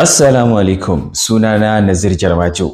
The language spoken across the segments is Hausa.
Assalamu alaikum sunana Nazir Jarmajo.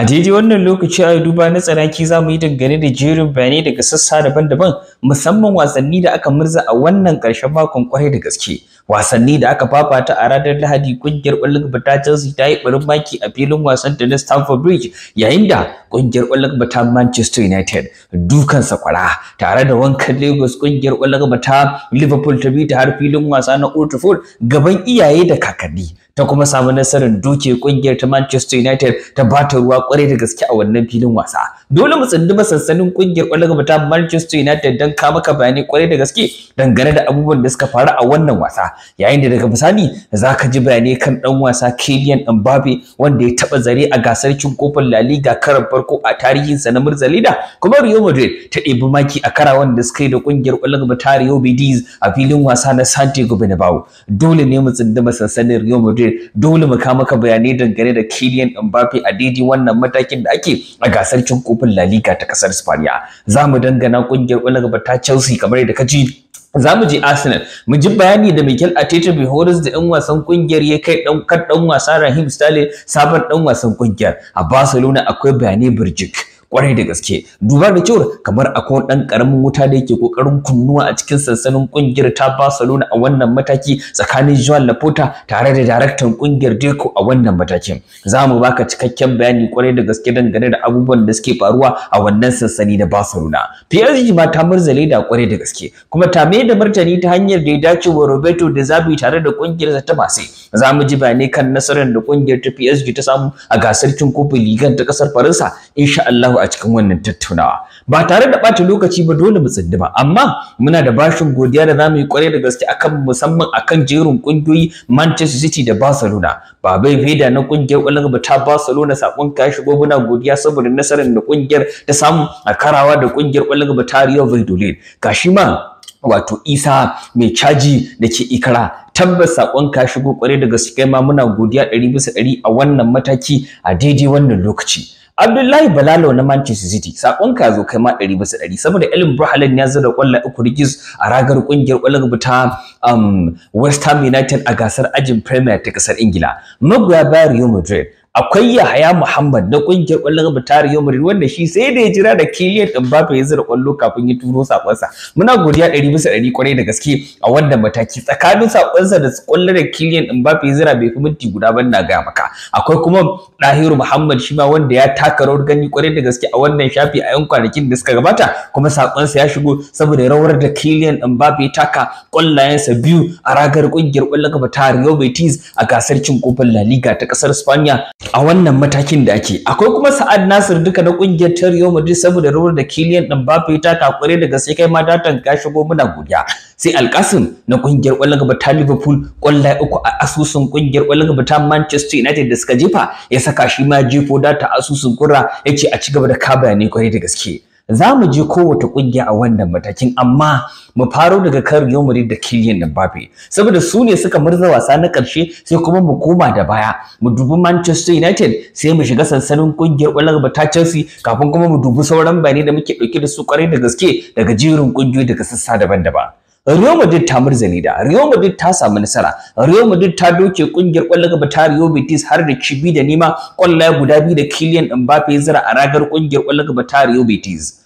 A daidai wannan lokaci a duba na tsanaki za mu yi dangane da jerin bayanai daga sassa daban-daban musamman wasanni da aka murza a wannan ƙarshen makon kwarai da gaske. Wasanni da aka fafata a ranar Lahadi ƙungiyar ƙwallon gaba ta Chelsea ta yi ɓarin maki a filin wasan da na Stamford Bridge yayin da ƙungiyar ƙwallon gaba ta Manchester United dukan sakwara tare da wankan Lagos ƙungiyar ƙwallon gaba ta Liverpool ta bi ta har filin wasa na Old Trafford gaban iyaye da kakanni. ta kuma samu nasarar duke kungiyar ta Manchester United ta bata ruwa kwarai da gaske a wannan filin wasa dole mu tsindi sansanin kungiyar kwallon ta Manchester United dan ka maka bayani kwarai da gaske dangane da abubuwan da suka faru a wannan wasa yayin da daga bisani zaka ji bayani kan dan wasa Kylian Mbappe wanda ya taba zare a gasar cin kofin La Liga karan farko a sa na Murzalida kuma Real Madrid ta ɗebi maki a kara da suka yi da kungiyar kwallon ta Real Betis a filin wasa na Santiago Bernabeu dole ne mu tsindi sansanin Real Madrid dole mu kawo maka bayanai dangane da Kylian Mbappe a daidai wannan matakin da ake a gasar cin kofin La Liga ta kasar Spaniya za mu dangana kungiyar ƙwallon ta Chelsea kamar yadda ka ji za mu je Arsenal mu ji bayani da Mikel Arteta bai horas da ɗan wasan kungiyar ya kai ɗaukar ɗan wasa Raheem Sterling sabon ɗan wasan kungiyar a Barcelona akwai bayanai birjik kwarai da gaske duba da cewar kamar akwai dan karamin wuta da yake kokarin kunnuwa a cikin sansanin kungiyar ta Barcelona a wannan mataki tsakanin Joan Laporta tare da daraktan kungiyar Deco a wannan matakin za mu baka cikakken bayani kwarai da gaske dangane da abubuwan da suke faruwa a wannan sansani da Barcelona PSG ma ta murzale da kwarai da gaske kuma ta mai da martani ta hanyar da ya dace wa Roberto De Zerbi tare da kungiyar ta Marseille za mu ji bayani kan nasarar da kungiyar ta PSG ta samu a gasar cin kofin ligan ta kasar Faransa insha Allah a cikin wannan tattaunawa ba tare da bata lokaci ba dole mu ba amma muna da bashin godiya da zamu yi kwarai da gaske akan musamman akan jerin kungiyoyi Manchester City da Barcelona bai Veda na kungiyar Ulrba ta Barcelona sakon ka shigo muna godiya saboda nasarar da kungiyar ta samu a karawa da kungiyar Ulrba ta Real Valladolid kashi ma wato isa mai caji da ke ikara tabbas sakon ka shigo kwarai da gaske ma muna godiya ɗari bisa ɗari a wannan mataki a daidai wannan lokaci Abdullahi Balalo na Manchester City sakon ka zo kai ma 100 bisa 100 saboda Elin Haaland ya zura kwallon uku rigis a ragar kungiyar kwallon rubuta um, West Ham United a gasar ajin Premier ta kasar Ingila. Magoya Bayern Real Madrid akwai Yahaya Muhammad na kungiyar kwallon kafa ta Real wanda shi sai da ya jira da Kylian Mbappe ya zira kwallo kafin ya turo sakonsa muna godiya 100 bisa 100 kwarai da gaske a wanda mataki tsakanin sakonsa da kwallo da Kylian Mbappe ya zira bai fi minti guda ban na ga maka akwai kuma Dahiru Muhammad shi ma wanda ya taka rawar gani kwarai da gaske a wannan shafi a yan kwanakin da suka gabata kuma sakonsa ya shigo saboda rawar da kiliyan Kylian Mbappe taka kwallayensa biyu a ragar kungiyar kwallon kafa ta Betis a gasar cin kofin La Liga ta kasar Spaniya a wannan matakin da ake akwai kuma Sa'ad Nasir duka na kungiyar ta Madrid saboda rawar da Kylian Mbappe ta takure daga sai kai ma ta tanka shigo muna godiya sai Alkasim na kungiyar kwallon gaba ta Liverpool ƙwallaye uku a asusun kungiyar kwallon gaba ta Manchester United da suka jefa ya saka shi ma jefo data asusun kura yace a ci gaba da ka bayanai kwarai da gaske za mu je kowace kungiya a wannan matakin amma mu faro daga Karim Yomari da Kylian Mbappe saboda su ne suka murza wasa na karshe sai kuma mu koma da baya mu dubi Manchester United sai mu shiga sansanin kungiyar ƙwallon ta Chelsea kafin kuma mu dubi sauran bayanai da muke dauke da su kwarai da gaske daga jerin kungiyoyi daga sassa daban-daban Real Madrid ta murzani da Real Madrid ta samu nasara Real Madrid ta doke kungiyar kwallon gaba ta Real Betis har da cibi da nema kwallaye guda biyu da Kylian Mbappe ya zira a ragar kungiyar kwallon gaba ta Real Betis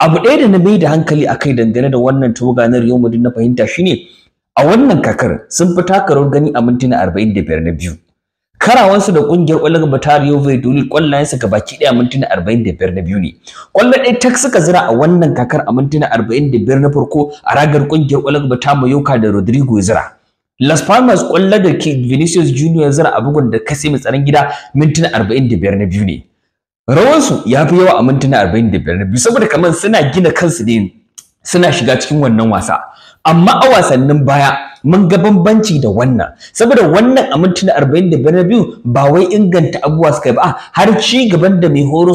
Abu ɗaya da na mai da hankali akai dangane da wannan tawaga na Real Madrid na fahimta shine a wannan kakar sun fi takarar gani a mintuna 45 na biyu karawansu da kungiyar ƙwallon Batario Valladolid ƙwallayensa ga baki ɗaya mintuna 45 na biyu ne. Ƙwallo ɗaya tak suka zira a wannan kakar a mintuna 45 na farko a ragar kungiyar ta mayoka da Rodrigo zira. Las Palmas kwallo da Vinicius Junior zira a bugun da kase mai tsaron gida mintuna 45 na biyu ne. Rawansu ya fi yawa a mintuna 45 na biyu saboda kamar suna gina kansu ne suna shiga cikin wannan wasa. amma a wasannin baya mun ga bambanci da wannan saboda wannan a mintuna 45 ba wai inganta abubuwa suka ba har ci gaban da mai horo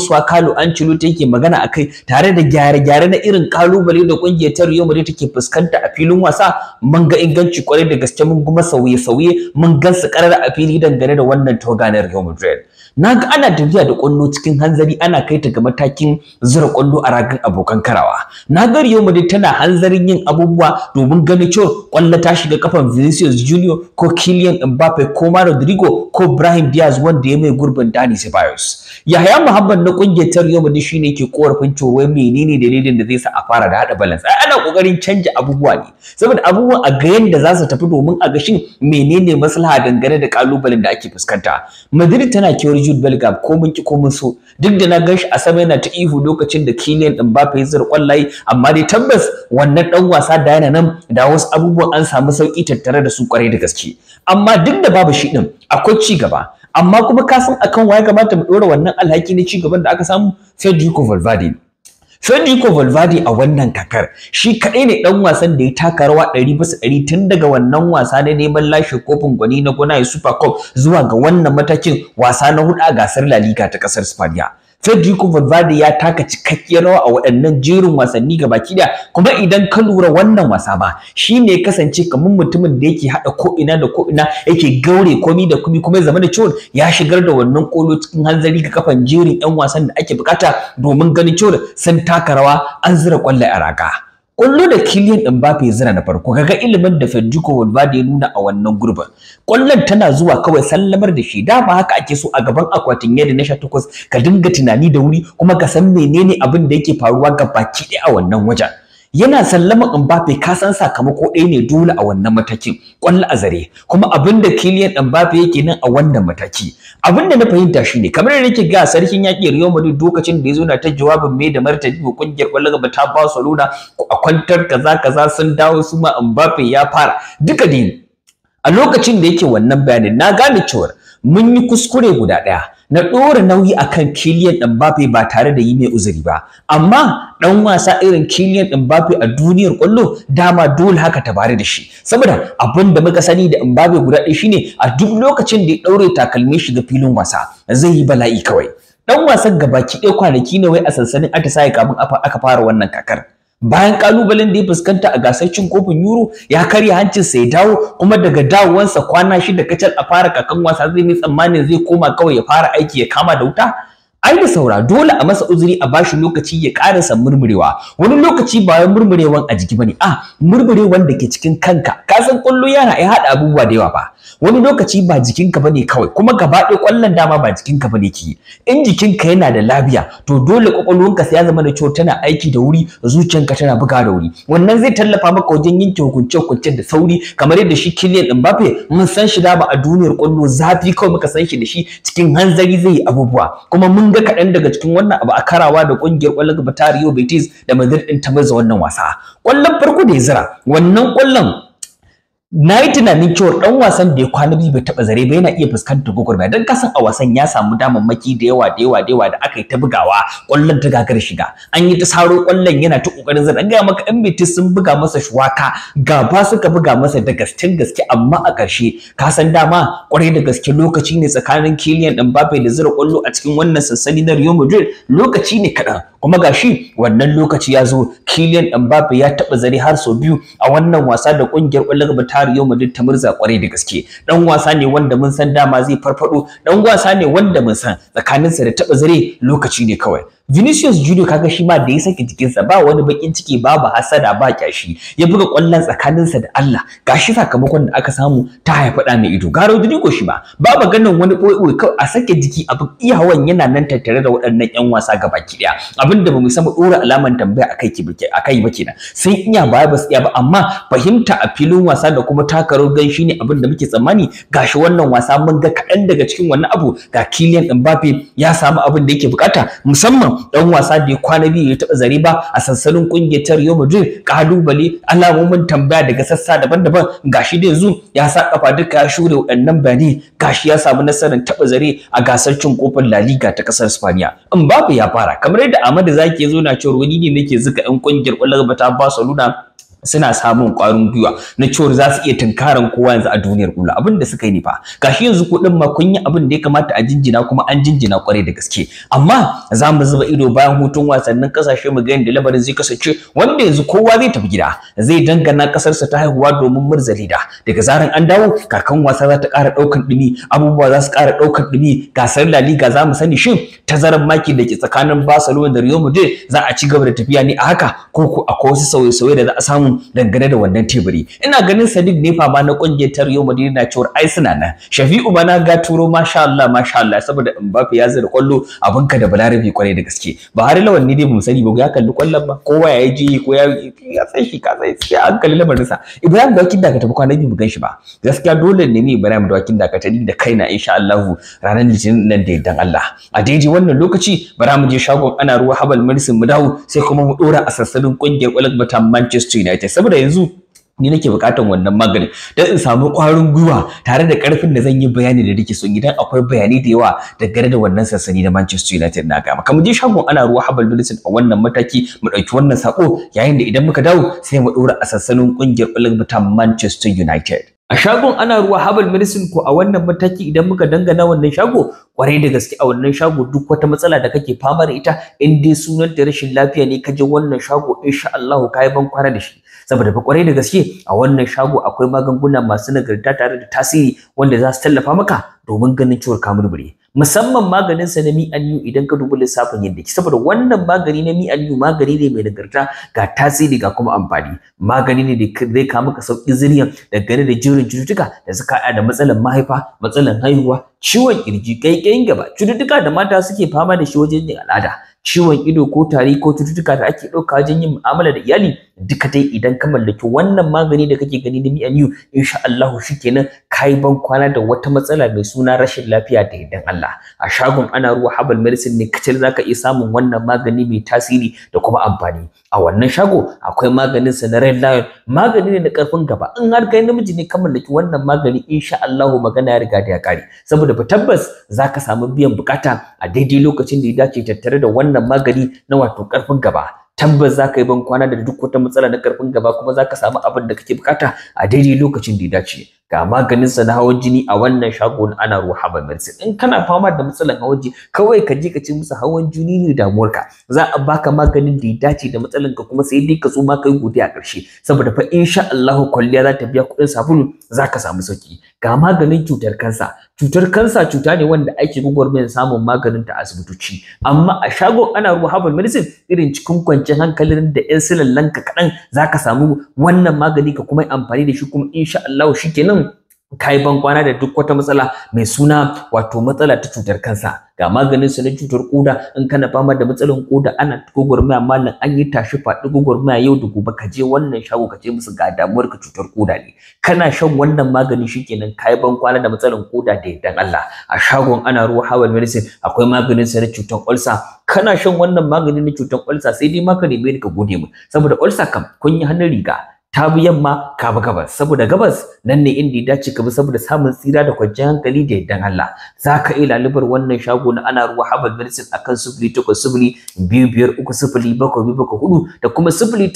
an cilo ta yake magana a kai, tare da gyare-gyare na irin kalubale da kungiyar ta riyo mai take fuskanta a filin wasa mun ga inganci kwarai da gaske mun guma sauye-sauye mun gan su karar a fili dangane da wannan toga na riyo Madrid naga ana tafiya da kwallo cikin hanzari ana kai ta ga matakin zura kwallo a ragin abokan karawa na ga Real Madrid tana hanzarin yin abubuwa domin ganin cewa kwallo ta shiga kafan Vinicius Junior ko Kylian Mbappe ko ma Rodrigo ko Brahim Diaz wanda ya mai gurbin Dani Ceballos Yahaya Muhammad na kungiyar ta Real Madrid shine ke korafin cewa menene dalilin da zai sa a fara da hada balance ai ana kokarin canja abubuwa ne saboda abubuwan a ga yanda za su tafi domin a ga shin menene maslaha dangane da kalubalen da ake fuskanta Madrid tana kewar Jude Bellingham ko mun ki ko mun so duk da na ganshi a sama yana ta ihu lokacin da Kylian Mbappe ya zira kwallaye amma dai tabbas wannan dan wasa da yana nan da wasu abubuwan an samu sauki tattare da su kwarai da gaske amma duk da babu shi din akwai ci gaba amma kuma kasan san akan waye kamata mu dora wannan alhaki na ci gaban da aka samu Federico Valverde Federico Valverde a wannan kakar shi kaɗai ne ɗan wasan da ya taka rawa ɗari tun daga wannan wasa na neman lashe kofin gwani na Gunaye Super Cup zuwa ga wannan matakin wasa na hudu a gasar La Liga ta kasar Spain. Federico Valverde ya taka cikakkiyar rawa a waɗannan jerin wasanni ga baki kuma idan ka lura wannan wasa ba shine ya kasance kamar mutumin da yake haɗa ko ina da ko ina yake gaure komi da komi kuma ya zama da cewa ya shigar da wannan kolo cikin hanzari ga kafan jerin 'yan wasan da ake bukata domin ganin cewa sun taka rawa an zira kwallaye a raga. Kwallo da Kylian Mbappe zira na farko kaga ilimin da Federico Valverde ya nuna a wannan gurbin. Kwallon tana zuwa kawai sallamar da shi ba haka ake so a gaban akwatin yadda na takwas, ka dinga tunani da wuri kuma ka san menene abin da yake faruwa ga baki ɗaya a wannan wajen. yana sallama Mbappe ka san sakamako ɗaya ne dole a wannan matakin ƙwallo a zare kuma abinda da Kylian Mbappe yake nan a wannan mataki abin da na fahimta shine kamar da nake ga sarkin yaƙi Real Madrid lokacin da ya zo na ta jawabin me da martani ko kungiyar ƙwallon gaba ta Barcelona a kwantar kaza kaza sun dawo su ma Mbappe ya fara duka dai a lokacin da yake wannan bayanin na gane cewa mun yi kuskure guda ɗaya na ɗora nauyi akan Kylian Mbappe ba tare da yi mai uzuri ba amma dan wasa irin Kylian Mbappe a duniyar ƙwallo dama dole haka ta bare da shi saboda abin da muka sani da Mbappe guda ɗaya shine a duk lokacin da ya ɗaure takalmin shi ga filin wasa zai yi bala'i kawai dan wasan gabaki ɗaya kwanaki ne wai a sansanin atisaye kafin aka fara wannan kakar bayan kalubalen da ya fuskanta a gasar cin kofin yuro ya karya hancinsa ya dawo kuma daga dawowansa kwana shida kacal a fara kakan wasa zai mai tsammanin zai koma kawai ya fara aiki ya kama da wuta ai da saura dole a masa uzuri a bashi lokaci ya karasa murmurewa wani lokaci ba wai murmurewan a jiki bane ah murmurewan da ke cikin kanka ka san kullu yana ai hada abubuwa da yawa ba wani lokaci ba jikinka bane kawai kuma gaba ɗaya ƙwallon dama ba jikinka bane ke in jikinka yana da lafiya to dole ka sai ya zama da cewa tana aiki da wuri zuciyanka tana buga da wuri wannan zai tallafa maka wajen yanke hukunce hukunce da sauri kamar yadda shi Kylian Mbappe mun san shi da ba a duniyar ƙwallo zafi kawai muka san shi da shi cikin hanzari zai yi abubuwa kuma mun ga kaɗan daga cikin wannan abu a karawa da ƙungiyar ƙwallon gaba ta Betis da Madrid ɗin ta maiza wannan wasa ƙwallon farko da ya wannan ƙwallon nayi tunanin cewar ɗan wasan da ya kwana biyu bai taɓa zare ba yana iya fuskantar gwagwarmaya don kasan a wasan ya samu damammaki da yawa da yawa da yawa da aka yi ta bugawa ƙwallon ta gagar shiga an yi ta saro ƙwallon yana ta ƙoƙarin zan gaya maka ɗan betis sun buga masa shuwaka gaba suka buga masa da gaske gaske amma a ƙarshe ka san dama ƙwarai da gaske lokaci ne tsakanin Kylian Mbappe da zira ƙwallo a cikin wannan sansani na Real Madrid lokaci ne kaɗan kuma gashi wannan lokaci ya zo Kylian Mbappe ya taɓa zare har sau biyu a wannan wasa da ƙungiyar ƙwallon ta Qaharu ta murza kwarai da gaske dan wasa ne wanda mun san dama zai farfado dan wasa ne wanda mun san tsakaninsa da taba zare lokaci ne kawai Vinicius Junior kaga shi ma da ya saki jikinsa ba wani bakin ciki babu hasada ba kyashi ya buga kwallon tsakaninsa da Allah gashi sakamakon da aka samu ta haifa da mai ido ga Rodrigo shi ba ba ganin wani boye kai a sake jiki abin iya hawan yana nan tattare da waɗannan ƴan wasa gabaki daya abinda ba mu samu dora alaman tambaya akai ki akai ba kenan sai iya baya ba iya ba amma fahimta a filin wasa da kuma taka gan shine abin da muke tsammani gashi wannan wasa mun ga kaɗan daga cikin wannan abu ga Kylian Mbappe ya samu abin da yake bukata musamman dan wasa da ya kwana biyu ya taba zare ba a sansanin kungiyar ta Real Madrid kalubale alamomin tambaya daga sassa daban-daban gashi da yanzu ya sa kafa duka ya shure waɗannan bayani gashi ya samu nasarar taba zare a gasar cin kofin La Liga ta kasar Spaniya in babu ya fara kamar yadda Ahmad Zaki ya zo na cewa wani ne nake zuka yan kungiyar ƙwallon ta Barcelona suna samun ƙwarin gwiwa na cewar za su iya tunkaran kowa yanzu a duniyar kula abin da suka yi ne fa gashi yanzu kuɗin ma kun yi abin da ya kamata a jinjina kuma an jinjina kwarai da gaske amma za mu zuba ido bayan hutun wasannin kasashe mu ga yadda labarin zai kasance wanda yanzu kowa zai tafi gida zai dangana ƙasarsa ta haihuwa domin murzali da. daga zaran an dawo kakan wasa za ta ƙara ɗaukan ɗumi abubuwa za su ƙara ɗaukan ɗumi gasar La Liga za mu sani shin tazarar maki da ke tsakanin Barcelona da Real Madrid za a ci gaba da tafiya ne a haka ko ko akwai wasu sauye-sauye da za a samu dangane da wannan tebiri ina ganin Sadiq ne ma na kungiyar Tariyo Madina cewar ai suna nan Shafi'u bana na ga turo masha Allah masha Allah saboda Mbappe ya zira kwallo ka da balarabi kwarai da gaske har lawan ne dai bamu sani ba ya kalli kwallon ba kowa ya ji ko ya ya san shi ka sai sai an kalli lamarin sa Ibrahim Dawakin da ka tafi kwana biyu mu ganshi ba gaskiya dole ne ni Ibrahim Dawakin da ka tani da kaina insha Allah ranar Litinin nan da yaddan Allah a daidai wannan lokaci bara mu je shagon ana ruwa habal medicine mu dawo sai kuma mu dora a sassanin kungiyar kwallon Manchester United takaitacce saboda yanzu ni nake bukatan wannan magani don in samu kwarin gwiwa tare da ƙarfin da zan yi bayani da rike son idan akwai bayani da yawa da gare da wannan sansani da Manchester United na gama kamar je shagon ana ruwa Habal Bilson a wannan mataki mu dauki wannan sako yayin da idan muka dawo sai mu dora a sassanin kungiyar Olympic Manchester United a shagon ana ruwa Habal medicine ko a wannan mataki idan muka dangana wannan shago kwarai da gaske a wannan shago duk wata matsala da kake fama da ita in dai sunan da rashin lafiya ne kaje wannan shago insha Allah ka yi ban kwana da shi saboda fa kwarai da gaske a wannan shago akwai magunguna masu nagarta tare da tasiri wanda za su tallafa maka domin ganin ciwon ka murmure musamman maganin sa na mi aliyu idan ka dubi lissafin yadda ki saboda wannan magani na mi aliyu magani ne mai nagarta ga tasiri ga kuma amfani magani ne da zai kawo maka sauki zuriya dangane da jirin cututtuka da suka haɗa da matsalan mahaifa matsalan haihuwa ciwon kirji ƙaiƙayin gaba cututtuka da mata suke fama da shi wajen yin al'ada ciwon ido ko tari ko cututtuka da ake ɗauka wajen yin mu'amala da iyali duka dai idan ka mallaki wannan magani da kake gani na mi'aniyu insha Allahu shikenan kai ban kwana da wata matsala mai suna rashin lafiya da idan Allah a shagon ana ruwa habal medicine ne kacal zaka iya samun wannan magani mai tasiri da kuma amfani a wannan shago akwai maganin sa na red lion magani ne na karfin gaba in har kai namiji ne ka mallaki wannan magani insha Allahu magana ya riga da ya kare saboda ba tabbas zaka samu biyan bukata a daidai lokacin da ya dace tattare da wannan magani na wato karfin gaba tabbas za ka yi ban kwana da duk wata matsala na karfin gaba kuma za ka samu abin da kake bukata a daidai lokacin da ya dace ga maganinsa na hawan jini a wannan shagon ana ba medicine in kana fama da matsalan hawan jini kawai ka je ka ce musu hawan jini ne damuwarka za a baka maganin da ya dace da matsalan ka kuma sai dai ka zo ma kai godiya a ƙarshe saboda fa insha Allah kwalliya za ta biya kuɗin sabulu za ka samu sauki ga maganin cutar kansa cutar kansa cuta ne wanda ake gwagwarmayar samun maganin ta asibitoci amma a shagon ana ba medicine irin cikin kwanciyar hankalin da 'yan ka kaɗan za ka samu wannan magani ka kuma yi amfani da shi kuma insha Allah shi kenan kai ban kwana da duk wata matsala mai suna wato matsala ta cutar kansa ga maganin su na cutar koda in kana fama da matsalan koda ana mai mallan an yi tashi faɗi mai yau da gobe ka je wannan shago ka je musu ga damuwar ka cutar koda ne kana shan wannan magani shikenan kai ban kwana da matsalan koda da dan Allah a shagon ana ruwa hawal medicine akwai maganin sa na cutar ulsa kana shan wannan magani na cutar ulsa sai dai maka ne mai ka gode mu saboda ulsa kam kun yi hannun riga ta bi yamma ka bi gabas saboda gabas nan ne inda ya dace ka bi saboda samun tsira da kwanciyar hankali da yardan Allah za ka iya lalubar wannan shago na ana ruwa Harvard Medicine akan sifili takwas da kuma sifili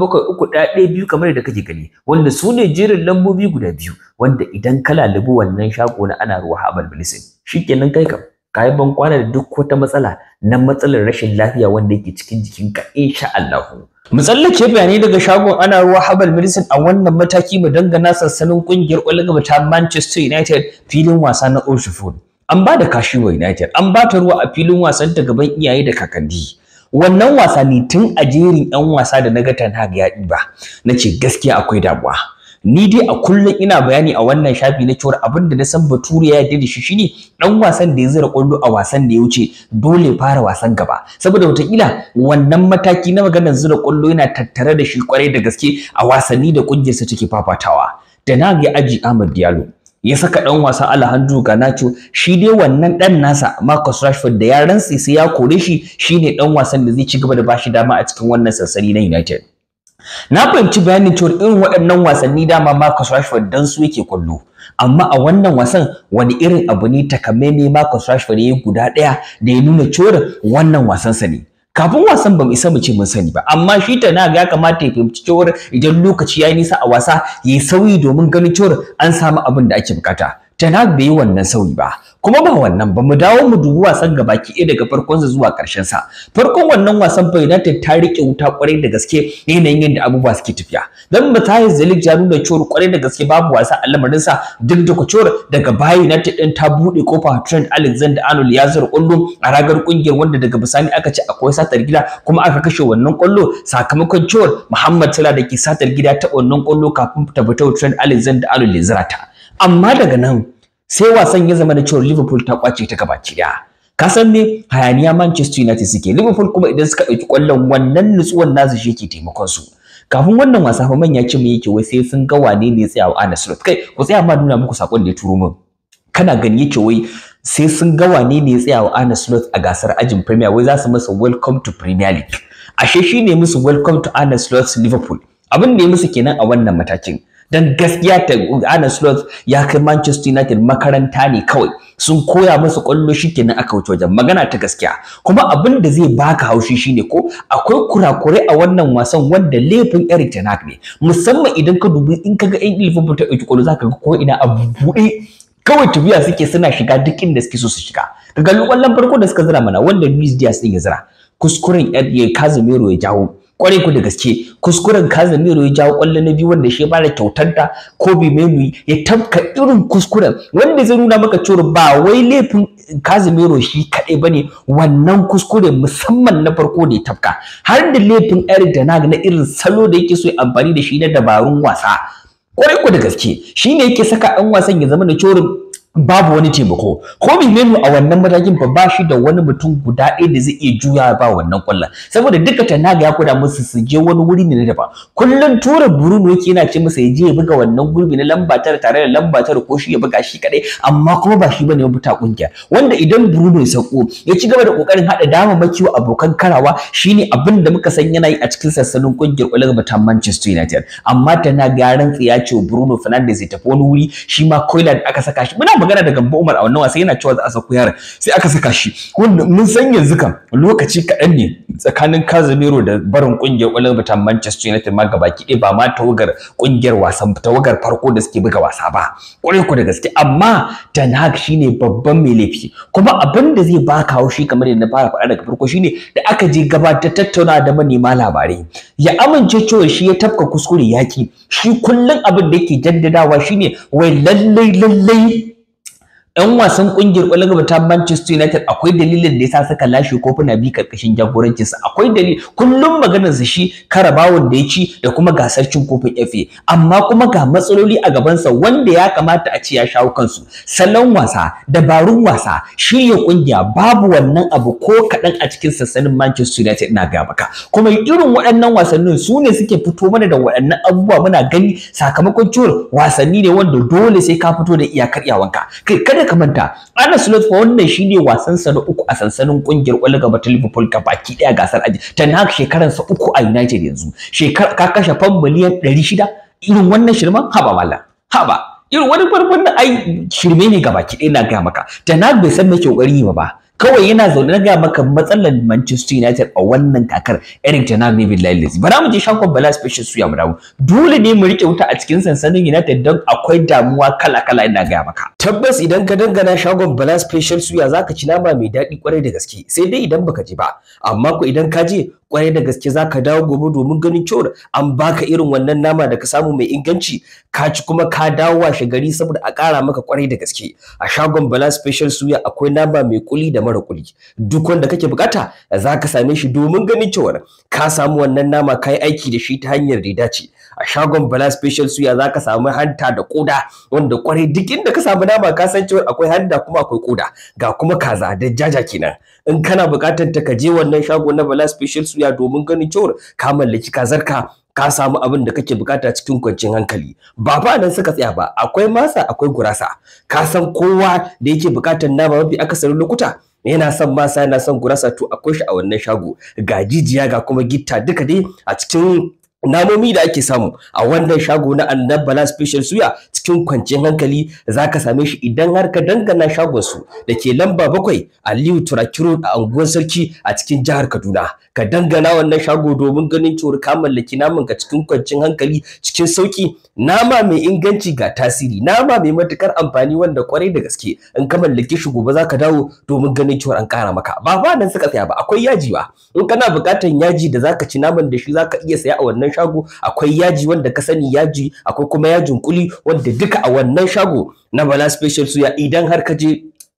bakwai kamar da kake gani wanda su ne jerin lambobi guda biyu wanda idan ka lalubi wannan shago na ana ruwa habal Medicine shikenan kai kam ka ban kwana da duk wata matsala na matsalar rashin lafiya wanda yake cikin jikinka insha Allah mu tsallake bayani daga shagon ana ruwa Habal Medicine a wannan mataki mu dangana sansanin kungiyar kwallon ta Manchester United filin wasa na Old Trafford an ba da kashi wa United an bata ruwa a filin wasan ta gaban iyaye da kakanni wannan wasa ne tun a jerin 'yan wasa da na ga Ten yaɗi ya nace Nace gaskiya akwai damuwa ni dai a kullum ina bayani a wannan shafi na cewar abin da na san bature ya yarda da shi shine dan wasan da ya zira kwallo a wasan da ya wuce dole fara wasan gaba saboda wataƙila wannan mataki na maganar zira kwallo yana tattare da shi kwarai da gaske a wasanni da ƙungiyarsa take fafatawa da na ga aji Ahmad Diallo ya saka dan wasa alhamdu ganacho shi dai wannan dan nasa Marcus Rashford da ya rantsi sai ya kore shi shine dan wasan da zai ci gaba da bashi dama a cikin wannan sansani na United na fahimci bayanin cewa irin waɗannan wasanni dama Marcus Rashford dan su yake kwallo amma a wannan wasan wani irin abu ne takamaimai Marcus Rashford ya guda ɗaya da ya nuna cewa wannan wasan sa ne kafin wasan ba mu isa mu ce mun sani ba amma shi ta na ga kamata ya fahimci cewa idan lokaci ya nisa a wasa ya yi sauyi domin ganin cewa an samu abin da ake bukata tana bai yi wannan sauyi ba kuma ba wannan ba mu dawo mu dubi wasan gabaki ɗaya daga sa zuwa ƙarshen sa farkon wannan wasan fa United ta rike wuta kwarai da gaske yanayin yadda abubuwa suke tafiya dan yi zalik ya nuna chor kwarai da gaske babu wasa a lamarin sa duk da chor daga baya United din ta buɗe kofa Trent Alexander-Arnold ya zura kullu a ragar ƙungiyar wanda daga bisani aka ce akwai satar gida kuma aka kashe wannan kullu sakamakon chor Muhammad Salah da ke satar gida ta wannan kullu kafin ta fita Trent Alexander-Arnold ya zura ta amma daga nan sai wasan ya zama da cewa Liverpool ta kwace ta gabaci daya ka san me hayaniya Manchester United suke Liverpool kuma idan suka ɗauki ƙwallon wannan nutsuwan nasu shi yake taimakon su kafin wannan wasa fa manya ce mu yake wai sai sun ga wane ne ya tsaya wa Arne Slot kai ku tsaya ma nuna muku sakon da ya turo min kana gani yake wai sai sun ga wane ne ya tsaya wa Slot a gasar ajin Premier wai za su masa welcome to Premier League ashe shi ne musu welcome to Arne Slot Liverpool abin da ya musu kenan a wannan matakin don gaskiya ta Arne Slot ya kai Manchester United makaranta ne kawai sun koya masa kwallo kenan aka wuce wajen magana ta gaskiya kuma abin da zai baka haushi shine ko akwai kurakurai a wannan wasan wanda laifin Eric Ten ne musamman idan ka dubi in kaga ɗan Liverpool ta ɗauki kwallo zaka ga ko ina a buɗe kawai tafiya suke suna shiga duk inda suke so su shiga kaga kwallon farko da suka zira mana wanda Luis Diaz din ya zira kuskuren Casemiro ya jawo kwarai ku da gaske kuskuren kazimiro ya jawo kwallo na biyu wanda shi fara kyautar da Kobe Menu ya tabka irin kuskuren wanda zai nuna maka cewa ba wai laifin kazimiro shi kadai bane wannan kuskure musamman na farko da ya tabka har da laifin Eric na irin salo da yake so ya amfani da shi na dabarun wasa kwarai ku da gaske shine yake saka ɗan wasan ya zama na corin babu wani taimako ko menene a wannan matakin fa ba shi da wani mutum guda ɗaya da zai iya juya ba wannan kwallon saboda duka naga ya koda musu su je wani wuri ne na ba kullun tura Bruno yake yana ce masa ya je ya buga wannan gurbi na lamba tare da lamba tara ko shi ya buga shi kadai amma kuma ba shi bane ya buta kungiya wanda idan Bruno ya sako ya ci gaba da kokarin hada dama makiwa, abokan karawa shine abin da muka san yana yi a cikin sassanin kungiyar kwallon ta Manchester United amma naga ya rantsi ya ce Bruno Fernandes ya tafi wani wuri shi ma Koyland aka saka shi muna magana da gambo umar a wannan wasa yana cewa za a sako yaran sai aka saka shi mun san yanzu kan lokaci kaɗan ne tsakanin Casemiro da barin kungiyar Olympic Manchester United ma gabaki ɗaya ba ma tawagar kungiyar wasan tawagar farko da suke buga wasa ba ƙwarai ku da gaske amma Ten Hag shine babban mai laifi kuma abin da zai ba baka haushi kamar yadda na fara faɗa daga farko shine da aka je gabatar tattauna da manema labarai ya amince cewa shi ya tafka kuskure yaki shi kullum abin da yake jaddadawa shine wai lallai lallai 'yan wasan kungiyar kwallon ta Manchester United akwai dalilin da yasa suka lashe kofuna biyu karkashin jagorancin sa akwai dalili kullum maganar su shi karabawon da ya ci da kuma gasar cin kofin FA amma kuma ga matsaloli a gaban sa wanda ya kamata a ce ya shawo kansu salon wasa dabarun wasa shirya kungiya babu wannan abu ko kaɗan a cikin sassanin Manchester United na ga maka kuma irin waɗannan wasannin su ne suke fito mana da waɗannan abubuwa muna gani sakamakon cewa wasanni ne wanda dole sai ka fito da iyakar iyawanka kai kada ka manta Arne Slot fa wannan shine wasan sa na uku a sansanin kungiyar kwallon gaba ta Liverpool ka baki daya gasar aji Ten Hag shekaran sa uku a United yanzu shekar ka kashe fan miliyan 600 irin wannan shirman haba mallam haba irin wani farfan da ai shirme ne gaba ki na ga maka Ten Hag bai san me ke kokari ba kawai yana zaune na ga maka matsalar Manchester United a wannan kakar Eric Ten Hag ne billahi lazi ba mu je shakon bala special su mu dawo dole ne mu rike wuta a cikin sansanin United don akwai damuwa kala kala ina gaya maka tabbas idan ka dangana shagon bala special suya zaka ci nama mai daɗi kwarai da gaske sai dai idan baka je ba amma ko idan ka je kwarai da gaske za ka dawo gobe domin ganin cewar an baka irin wannan nama da ka samu mai inganci ka ci kuma ka dawo washe gari saboda a ƙara maka kwarai da gaske a shagon bala special suya akwai nama mai kuli da mara kuli duk wanda kake bukata za ka same shi domin ganin cewar. ka samu wannan nama ka yi aiki da shi ta hanyar da dace a shagon bala special suya za ka samu hanta da koda wanda kwarai duk inda ka samu nama ka san cewar akwai hanta kuma akwai koda ga kuma kaza da jaja kenan in kana bukatar ta ka je wannan shago na bala special suya ya domin ganin cewar ka mallaki ka zarka ka samu abin da kake bukata cikin kwanciyar hankali ba ba nan suka tsaya ba akwai masa akwai gurasa ka san kowa da yake bukatar nama mafi akasarin lokuta yana son masa yana son gurasa to akwai shi a wannan shago ga jijiya ga kuma gitta duka dai a cikin namomi da ake samu a wannan shago na annabala special suya cikin kwanciyar hankali za ka same shi idan har ka dangana shagonsu da ke lamba bakwai Aliyu Turaki Road a unguwar Sarki a cikin jihar Kaduna. Ka dangana wannan shago domin ganin cewar ka mallaki naman ka cikin kwanciyar hankali cikin sauki nama mai inganci ga tasiri nama mai matukar amfani wanda kwarai da gaske in ka mallaki shi gobe za ka dawo domin ganin cewar an kara maka ba ba nan suka tsaya ba akwai yaji ba in kana buƙatan yaji da zaka ci naman da shi zaka iya saya a wannan shago akwai yaji wanda ka sani yaji akwai kuma yajin kuli wanda duka a wannan shago na Bala Special Suya idan har ka je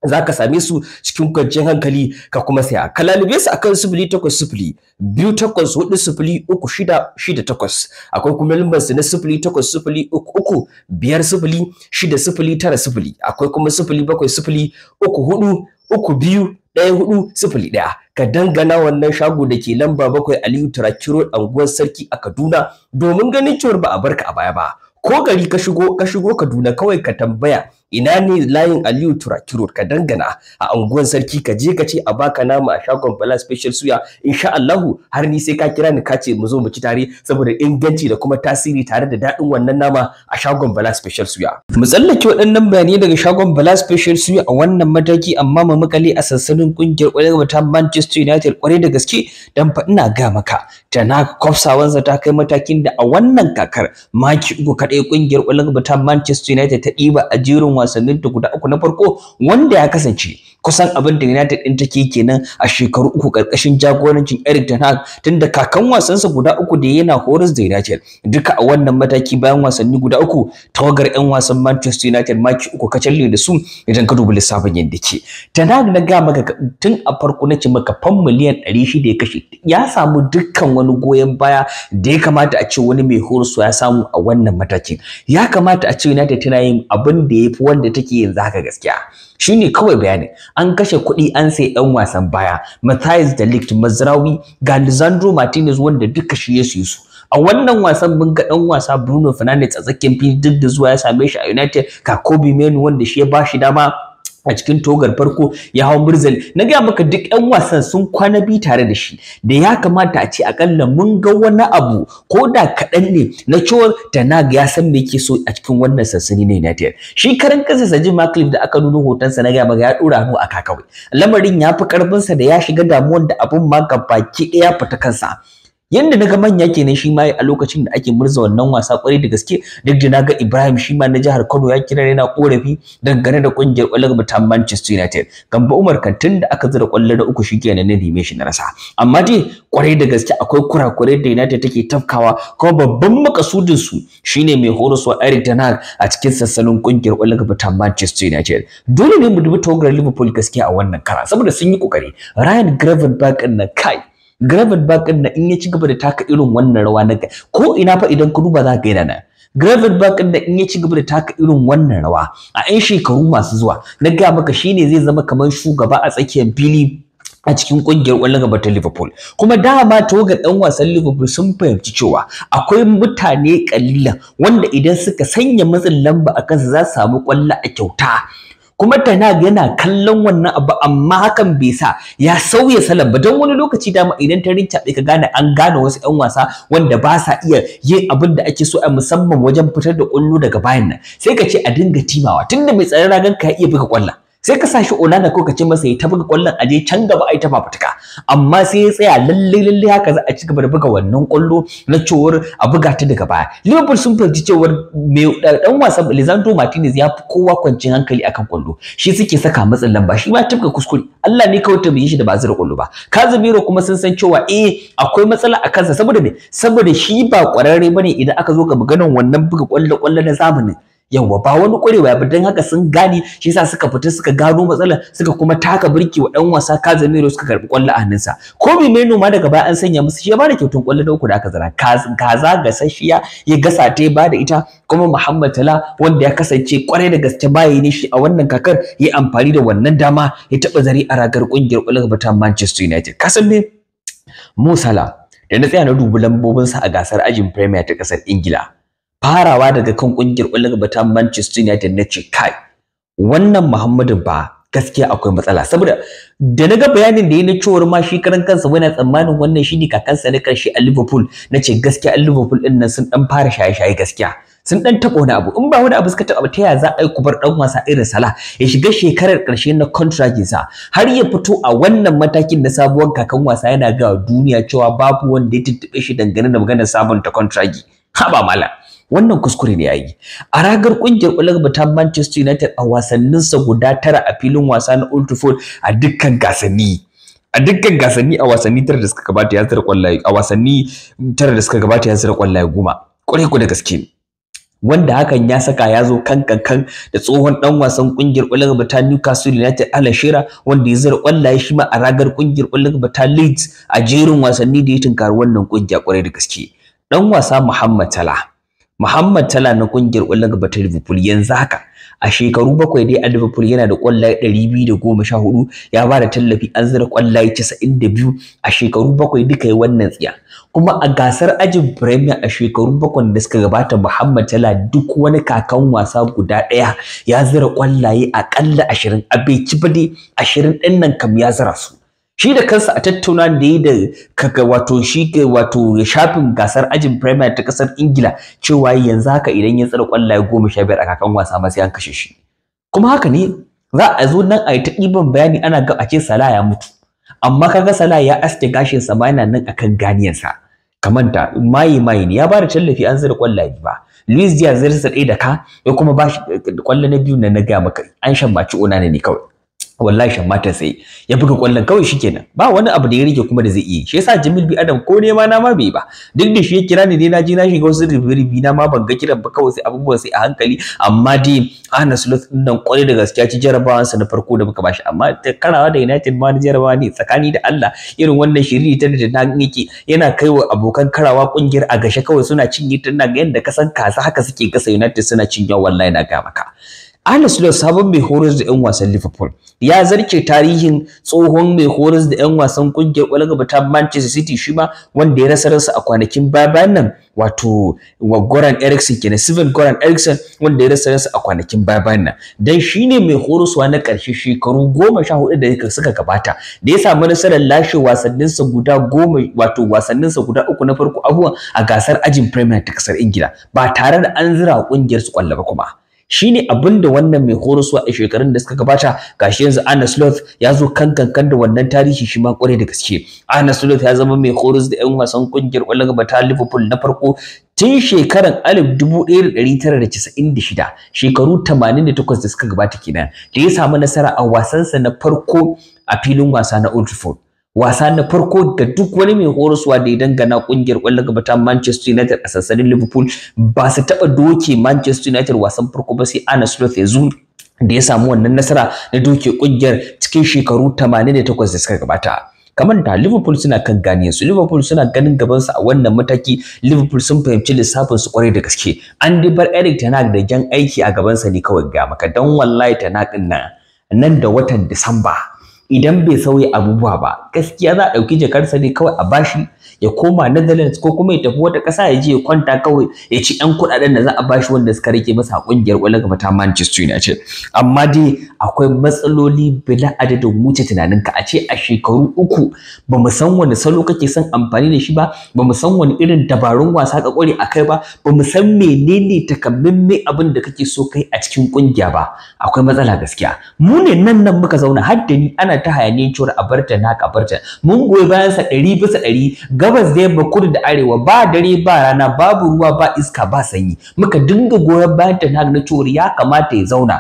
za ka same su cikin kwanciyar hankali ka kuma saya ka lalube su akan sifili takwas sifili biyu takwas hudu sifili uku shida shida takwas akwai kuma lambar na sifili takwas sifili uku uku biyar sifili shida sifili tara sifili akwai kuma sifili bakwai sifili uku hudu uku biyu ɗaya hudu sifili ɗaya ka dangana wannan shago da ke lamba bakwai aliyu turakiro anguwar sarki a kaduna domin ganin cewar ba a barka a baya ba ko gari ka shigo ka shigo Kaduna kawai ka tambaya ina ne layin Aliyu Turaki Road ka dangana a unguwar sarki ka je ka ce a baka nama a shagon Bala Special Suya insha Allahu har ni sai ka kira ni ka ce mu zo mu ci tare saboda inganci da kuma tasiri tare da daɗin wannan nama a shagon Bala Special Suya mu tsallake waɗannan bayanai daga shagon Bala Special Suya a wannan mataki amma mu makale a sansanin kungiyar ƙwarewar ta Manchester United kwarai da gaske dan fa ina ga maka ta na kwafsawansa ta kai matakin da a wannan kakar maki uku kaɗai kungiyar ƙwarewar ta Manchester United ta ɗiba a jerin wasannin ta guda uku na farko wanda ya kasance kusan abin da United din take kenan a shekaru uku karkashin jagorancin Eric ten Hag tunda kakan wasansa guda uku da yana horas da United duka a wannan mataki bayan wasanni guda uku tawagar 'yan wasan Manchester United maki uku ne da su idan ka dubi lissafin yadda ke ten Hag na ga maka tun a farko na ce maka fan miliyan 600 ya kashe ya samu dukkan wani goyon baya da ya kamata a ce wani mai horaswa ya samu a wannan matakin ya kamata a ce United tana yin abin da fi wanda take yanzu haka gaskiya shine kawai bayanin an kashe kuɗi an sai ɗan wasan baya Matthias da Ligt Mazraoui ga Lisandro Martinez wanda duka shi ya su a wannan wasan mun ga ɗan wasa Bruno Fernandes a tsakiyar fili duk da zuwa ya same shi a United ga Kobe Menu wanda shi ya ba shi dama a cikin togar farko ya hau murzali na gaya maka duk 'yan wasan sun kwana biyu tare da shi da ya kamata a ce akalla mun ga wani abu ko da kaɗan ne na cewar tanag ya san me yake so a cikin wannan sansani na united shi karan kansa sajin maklif da aka nuna hotonsa na gaya maka ya ɗora hannu a kakawai lamarin ya fi ƙarfinsa da ya shiga damuwar da abun ma baki ɗaya fita kansa yanda naga manya kenan shi ma a lokacin da ake murza wannan wasa kwarai da gaske duk da naga Ibrahim shi ma na jihar Kano ya kira yana korafi dangane da kungiyar kwallon ta Manchester United gamba Umar kantin da aka zura kwallo na uku shikenan na neme shi na rasa amma dai kwarai da gaske akwai kurakurai da United take tafkawa kuma babban makasudin su shine mai horoswa Eric Ten Hag a cikin sassanin kungiyar kwallon ta Manchester United dole ne mu dubi tawagar Liverpool gaske a wannan kara saboda sun yi kokari Ryan Gravenberch na kai Gravel bag din nan in ya ci gaba da taka irin wannan rawa na ko ina fa idan ku duba za ka yana na? Gravel bag din nan in ya ci gaba da taka irin wannan rawa a 'yan shekaru masu zuwa na ga maka shine zai zama kamar shugaba a tsakiyar fili a cikin kungiyar ƙwallon gaba ta Liverpool kuma dama ga ɗan wasan Liverpool sun fahimci cewa akwai mutane kalilan wanda idan suka sanya matsin lamba a kansu za su samu ƙwallo a kyauta kuma tanag yana kallon wannan abu amma hakan bai sa ya sauya salon ba don wani lokaci dama idan ta rinca ka gane an gane wasu yan wasa wanda ba sa iya yin abin da ake so a musamman wajen fitar da kullu daga bayan nan sai ka ce a dinga timawa tunda mai tsaron ragan ka iya buga kwalla sai ka sashi onana ko ka ce masa ya ta buga kwallon aje can gaba ai ta fafutuka amma sai ya tsaya lalle lalle haka za a ci gaba da buga wannan kwallo na cewar a buga ta daga baya Liverpool sun fahimci cewar mai dan wasan Lisandro Martinez ya fi kowa kwancin hankali akan kwallo shi suke saka matsin lamba shi ma tafka kuskure Allah ne kawai ta shi da ba zira kwallo ba Kazimiro kuma sun san cewa eh akwai matsala a kansa saboda me saboda shi ba kwararre bane idan aka zo ga maganar wannan buga kwallo kwallo na zamanin yawa ba wani ƙwarewa ba dan haka sun gane shi yasa suka fita suka gano matsalar suka kuma taka birki wa ɗan wasa Kazimiro suka karbi ƙwallo a hannunsa ko Firmino ma daga baya an sanya musu shi ya bada kyautun kwallo da uku da aka zara kaza ga gasasshiya ya gasa ta ya bada ita kuma Muhammad Tala wanda ya kasance kwarai da gaske baya ne shi a wannan kakar ya amfani da wannan dama ya taba zari a ragar kungiyar kwallo ga Manchester United kasan me musala da na tsaya na dubi lambobinsa a gasar ajin Premier ta kasar Ingila farawa daga kan kungiyar ƙwallon gaba ta Manchester United na ce kai wannan Muhammadu ba gaskiya akwai matsala saboda da naga bayanin da ya na cewar ma shi karan kansa wani tsammanin wannan shi ne kakansa na karshe a Liverpool na ce gaskiya a Liverpool din nan sun dan fara shaye-shaye gaskiya sun dan taɓa wani abu in ba wani abu suka taɓa ta ya za a yi kubar ɗan wasa irin sala ya shiga shekarar ƙarshe na contract sa har ya fito a wannan matakin na sabuwar kakan wasa yana ga duniya cewa babu wanda ya tuntuɓe shi dangane da maganar sabunta contract ha ba malam wannan kuskure ne yayi a ragar kungiyar Ulagba ta Manchester United a wasannin sa guda tara a filin wasa na Old Trafford a dukkan gasanni a dukkan gasanni a wasanni tara da suka gabata ya zira kwallaye a wasanni tara da suka gabata ya zira kwallaye goma kure ku da gaske wanda hakan ya saka ya zo kan kan da tsohon dan wasan kungiyar Ulagba ta Newcastle United Alan Shearer wanda ya zira kwallaye shi ma a ragar kungiyar Ulagba ta Leeds a jerin wasanni da ya tunkari wannan kungiya kwarai da gaske dan wasa Muhammad Salah Muhammad Tala na kungiyar ƙwallon gaba ta Liverpool yanzu haka a shekaru bakwai dai a Liverpool yana da ƙwallaye ɗari da goma sha hudu ya ba da tallafi an zira ƙwallaye casa'in da biyu a shekaru bakwai duka yi wannan tsiya kuma a gasar ajin Premier a shekaru bakwai da suka gabata Muhammad Tala duk wani kakan wasa guda ɗaya ya zira ƙwallaye aƙalla ashirin a bai ci ba dai ashirin ɗin nan kam ya zira su shi da kansa a tattauna da yi da kaga wato shi wato shafin gasar ajin primary ta kasar ingila cewa yanzu haka idan ya tsara kwallaye goma sha biyar a kakan wasa masu yan an kashe shi kuma haka ne za a zo nan a yi ta ɗiban bayani ana ga a ce sala ya mutu amma kaga sala ya aske gashin sa ma yana nan akan ganiyansa kamar da maye maye ne ya ba da tallafi an zira kwallaye ba Luis Diaz zai da ka ya kuma ba shi eh, kwallo na biyu na na gaya maka an shan shambaci ona ne kawai wallahi shan mata sai ya buga kwallon kawai kenan, ba wani abu da ya rike kuma da zai iya shi yasa Jamil bi Adam ko nema na ma bai ba duk da shi ya kira ni dai na ji na shiga wasu ribiribi na ma ban ga kiran ba kawai sai abubuwan sai a hankali amma dai ana Slot din nan kwarai da gaskiya ci jarabawan sa na farko da muka bashi amma ta karawa da United ma jarabawa ne tsakani da Allah irin wannan shiriri ta da na yake yana kaiwa abokan karawa kungiyar a gashe kawai suna cinye tunan Yadda ga yanda ka san kasa haka suke gasa United suna cinye wallahi na ga maka Arne sabon mai horas da 'yan wasan Liverpool ya zarce tarihin tsohon mai horas da 'yan wasan kungiyar ƙwallon gaba ta Manchester City shi ma wanda ya rasa ransa a kwanakin bayan nan wato wa Goran Eriksson kenan Steven Goran Eriksson wanda ya rasa ransa a kwanakin bayan nan dan shine mai horaswa na ƙarshe shekaru goma sha hudu da suka gabata da ya samu nasarar lashe wasanninsa guda goma wato wasanninsa guda uku na farko abuwa a gasar ajin Premier ta kasar Ingila ba tare da an zira kungiyar su ƙwallaba kuma shine abin da wannan mai horaswa a shekarun da suka gabata gashi yanzu Anna Sloth ya zo kan kankan da wannan tarihi shi ma kware da gaske Anna Sloth ya zama mai horus da yan wasan kungiyar ƙwallon gaba ta Liverpool na farko tun shekaran 1996 shekaru 88 da suka gabata kenan da ya samu nasara a wasansa na farko a filin wasa na Old Trafford wasa na farko da duk wani mai horaswa da ya dangana kungiyar kwallon gaba ta Manchester United a sassanin Liverpool ba su taba doke Manchester United wasan farko ba sai Arne Slot ya zo da ya samu wannan nasara na doke kungiyar cikin shekaru 88 da suka gabata kamar da Liverpool suna kan ganiyar su Liverpool suna ganin gaban su a wannan mataki Liverpool sun fahimci lissafin su kwarai da gaske an dai bar Eric Ten Hag da jan aiki a gaban sa ne kawai ga maka dan wallahi Ten Hag din nan da watan Disamba idan bai sauya abubuwa ba gaskiya za a ɗauki jakarsa ne kawai a bashi ya koma Netherlands ko kuma ya tafi wata ƙasa ya je ya kwanta kawai ya ci ɗan kuɗaɗen da za a bashi wanda suka rike masa a ƙungiyar ƙwallon gaba ta Manchester United amma dai akwai matsaloli bila adadin wuce tunaninka a ce a shekaru uku ba mu san wani salo kake son amfani da shi ba ba mu san wani irin dabarun wasa ka ƙware a kai ba ba mu san menene takamaimai abin da kake so kai a cikin ƙungiya ba akwai matsala gaskiya mu ne nan nan muka zauna har da ni ana ta hayaniyar cewar a barta na ka barta mun goyi bayan sa ɗari bisa ɗari gabas da yamma kudu da arewa ba dare ba rana babu ruwa ba iska ba sanyi muka dinga goyon bayan ta na cewar ya kamata ya zauna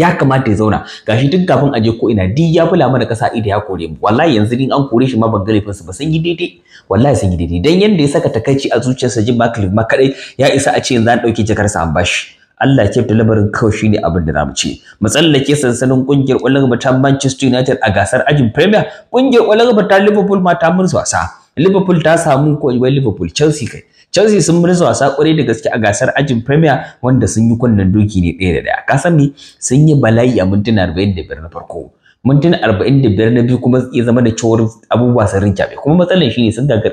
ya kamata ya zauna gashi duk kafin aje ko ina di ya fula mana kasa ida ya kore mu wallahi yanzu din an kore shi ma ban galifin su ba san yi daidai wallahi san yi daidai dan yanda ya saka takaici a zuciyarsa jin ma kadai ya isa a ce yanzu an dauke jakar sa an bashi Allah ya kyauta lamarin kawai shine abin da zamu ce mu tsallake sansanin kungiyar ƙwallon gaba ta Manchester United a gasar ajin Premier kungiyar ƙwallon gaba ta Liverpool ma ta murza wasa Liverpool ta samu ko wai Liverpool Chelsea kai Chelsea sun murza wasa kwarai da gaske a gasar ajin Premier wanda sun yi kunnan doki ne ɗaya da ɗaya ka san sun yi bala'i a mintuna 45 na farko mintuna 45 na biyu kuma ya zama da cewar abubuwa sun rinjabe kuma matsalar shine sun gagar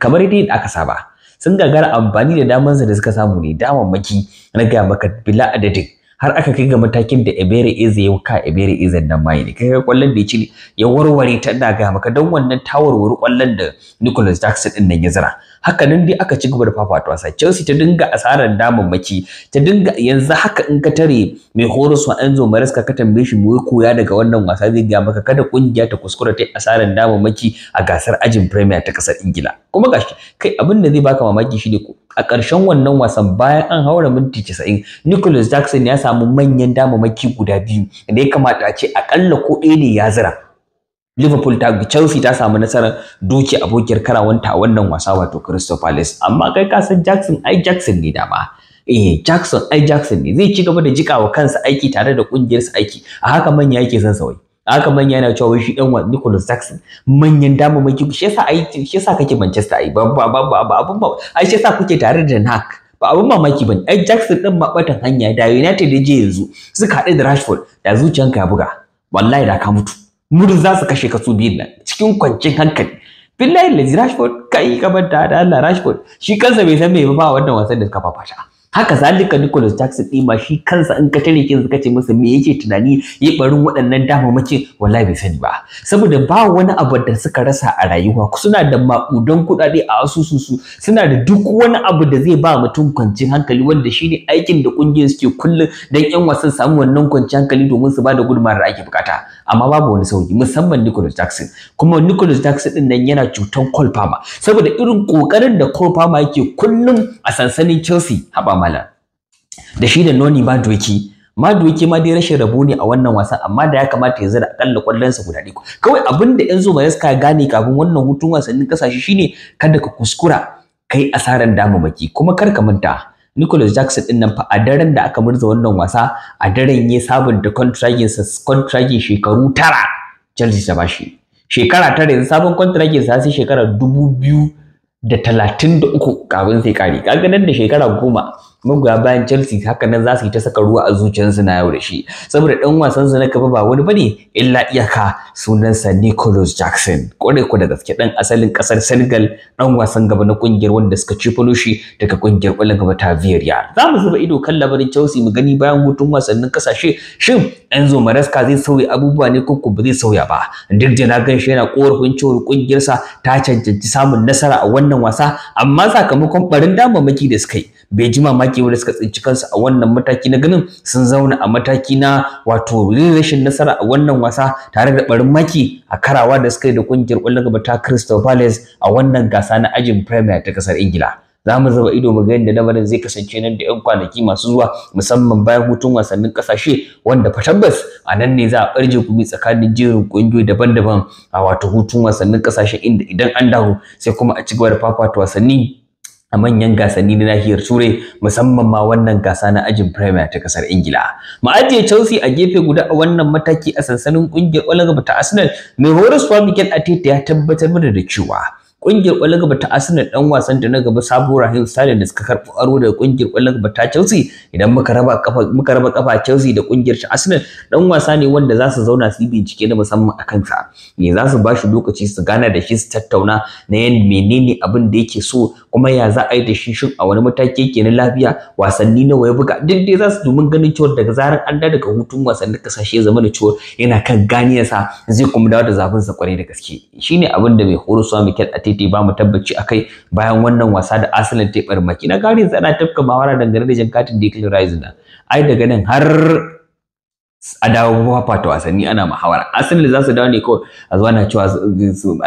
kamar dai aka saba sun gagara amfani da damansa da suka samu ne damammaki na gaya maka bila adadin har aka kai ga matakin da Ebere Eze ya ka Ebere Eze nan mai ne kai kwallon da ya ya warware ta da ga maka don wannan tawarwar kwallon da Nicholas Jackson din nan ya zira haka nan dai aka ci gaba da fafata wasa Chelsea ta dinga asarar damammaki ta dinga yanzu haka in ka tare mai horoswa Enzo Maresca ka tambaye shi mu koya daga wannan wasa zai ga maka kada kungiya ta kuskura ta asarar damammaki a gasar ajin Premier ta kasar Ingila kuma gashi kai abin da zai baka mamaki shine ko a ƙarshen wannan wasan bayan an haura minti 90 Nicholas Jackson ya samu manyan damammaki guda biyu da ya kamata a ce akalla ko ɗaya ne ya zira Liverpool ta Chelsea ta samu nasarar doke abokiyar karawanta a wannan wasa wato Crystal Palace amma kai ka san Jackson ai Jackson ne dama eh Jackson ai Jackson ne zai ci gaba da jikawa kansa aiki tare da sa aiki a haka manya yake son sawai A haka manya yana cewa shi dan Nicholas Jackson manyan damammaki shi yasa ai shi yasa kake Manchester ai babu babu abun ba ai shi yasa kuke tare da Nak ba abun mamaki bane ai Jackson din mabatan hanya da United da je yanzu suka haɗu da Rashford da zuciyanka ya buga wallahi da ka mutu murin za su kashe ka su biyun nan cikin kwancin hankali billahi lazi rashford kai kamar da Allah rashford shi kansa bai san me ba wannan wasan da suka fafata haka zalika Nicholas Jackson ɗin ma shi kansa in ka tare kin suka ce masa me yake tunani yi barin waɗannan mace? wallahi bai sani ba saboda ba wani abu da suka rasa a rayuwa suna da maƙudan kuɗaɗe a asusunsu suna da duk wani abu da zai ba mutum kwanciyar hankali wanda shi ne aikin da ƙungiyar suke kullum don 'yan wasan samu wannan kwanciyar hankali domin su ba da gudunmawar da ake bukata amma babu wani sauki musamman Nicholas Jackson kuma Nicholas Jackson din nan yana cutan Cole Palmer saboda irin kokarin da Cole Palmer yake kullum a sansanin Chelsea haba mala da shi da Noni Madueke Madueke ma dai rashin rabu ne a wannan wasan amma da ya kamata ya zira akalla sa guda ɗaya kawai abin da Enzo ya gane kafin wannan hutun wasannin kasashe shine kada ka kuskura kai asaran damamaki kuma kar ka manta Nicholas Jackson din nan fa a daren da aka murza wannan wasa a daren ya sabunta contragin sa shekaru tara Chelsea ta bashi shekara tara yanzu sabon contragin sa sai shekara dubu biyu da talatin da uku kafin sai kare kaga nan da shekara goma magoya bayan Chelsea haka nan za su yi ta saka ruwa a zuciyarsu na yau da shi saboda ɗan wasan su na gaba ba wani bane illa iyaka sunansa Nicolas Jackson kore ko da gaske dan asalin ƙasar Senegal ɗan wasan gaba na ƙungiyar wanda suka ci shi daga ƙungiyar kwallon gaba ta Villarreal za mu zuba ido kan labarin Chelsea mu gani bayan hutun wasannin ƙasashe, shin Enzo Maresca zai sauya abubuwa ne ko ba zai sauya ba duk da na gan shi yana korafin cewar ƙungiyarsa, ta cancanci samun nasara a wannan wasa amma sakamakon barin damamaki da suka yi bai ji mamaki wanda suka tsinci kansu a wannan mataki na ganin sun zauna a mataki na wato rashin nasara a wannan wasa tare da barin maki a karawa da suka yi da kungiyar ƙwallon gaba ta Crystal Palace a wannan gasa na ajin Premier ta kasar Ingila. za mu zaba ido mu ga yadda lamarin zai kasance nan da 'yan kwanaki masu zuwa musamman bayan hutun wasannin kasashe wanda fa tabbas a nan ne za a barje kumi tsakanin jerin kungiyoyi daban-daban a wato hutun wasannin kasashe inda idan an dawo sai kuma a ci gaba da fafata wasanni a manyan gasanni na nahiyar Turai musamman ma wannan gasa na ajin Premier ta kasar Ingila. ma'ajiyar Chelsea a gefe guda a wannan mataki a sansanin kungiyar Olga ta Arsenal mai horaswa Mikel Ateta ya tabbatar mana da cewa kungiyar kwallon gaba ta Arsenal dan wasan da na gaba Sabuwar Rahim Sterling da suka karɓi aro daga ƙungiyar kwallon gaba ta Chelsea idan muka raba kafa muka raba kafa Chelsea da ƙungiyar shi Arsenal dan wasa ne wanda za su zauna su yi bincike na musamman a kansa. Me za su ba shi lokaci su gana da shi su tattauna na yin menene abin da yake so kuma ya za a yi da shi shin a wani mataki yake na lafiya wasanni nawa ya buga duk dai za su domin ganin cewa daga zarar an da daga hutun wasannin kasashe zama da cewa yana kan ganiyarsa zai kuma dawo da zafinsa kwarai da gaske shine abin da mai horo Mikel Arteta yi ba mu tabbaci kai bayan wannan wasa da Arsenal ta barmaki na gari zana tafka mawara dangane da jan katin Declan na ai daga nan har a dawo fata wasanni ana muhawara Arsenal za su dawo ne kawai a zuwa na cewa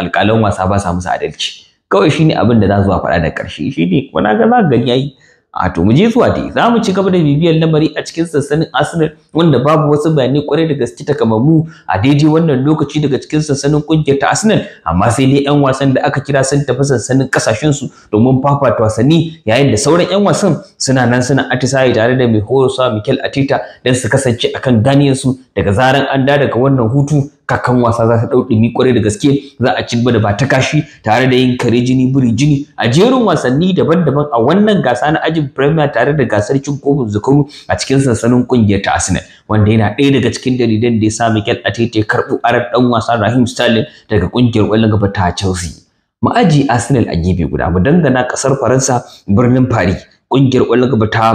alƙalan wasa ba sa musu adalci kawai shine abin da za zuwa faɗa da ƙarshe shine wani ga za gani yayi a to mu je zuwa dai za mu ci gaba da bibiyar lamari a cikin sansanin Arsenal wanda babu wasu bayanai kwarai da gaske mu a daidai wannan lokaci daga cikin sansanin kungiyar ta Arsenal amma sai dai yan wasan da aka kira sun tafi sansanin kasashen su domin fafata wasanni yayin da sauran yan wasan suna nan suna atisaye tare da mai horosa Mikel Arteta dan su kasance akan ganiyar su daga zaran an da daga wannan hutu kakan wasa za ta dau dumi kwarai da gaske za a ci da ba ta kashi tare da yin kare jini buri jini a jerin wasanni daban-daban a wannan gasa na ajin premier tare da gasar cin kofin zakaru a cikin sansanin kungiyar ta Arsenal wanda yana ɗaya daga cikin dalilan da ya sa Mikel Arteta ya karɓo aran dan wasa Raheem Sterling daga kungiyar kwallon gaba ta Chelsea ma'aji Arsenal a gefe guda mu dangana kasar Faransa birnin Paris kungiyar ƙwallon gaba ta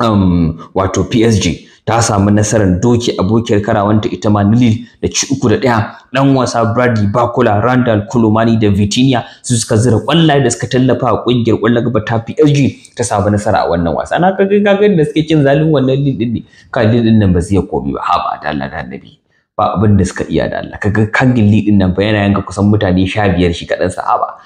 um, wato PSG ta samu nasarar doki abokiyar karawanta ita ma Lille da ci uku da ɗaya ɗan wasa Bradley Bakula, Randall Colomani da Vitinha su suka zira kwallaye da suka tallafa a ƙungiyar ƙwallon gaba ta PSG ta samu nasara a wannan wasa na kaga kaga da suke cin zalin wannan Lille din ne ka Lille din nan ba zai komi ba haba da Allah da Annabi ba abin da suka iya da Allah kaga kangin Lille nan ba yana yanka kusan mutane 15 shi kadan sa ba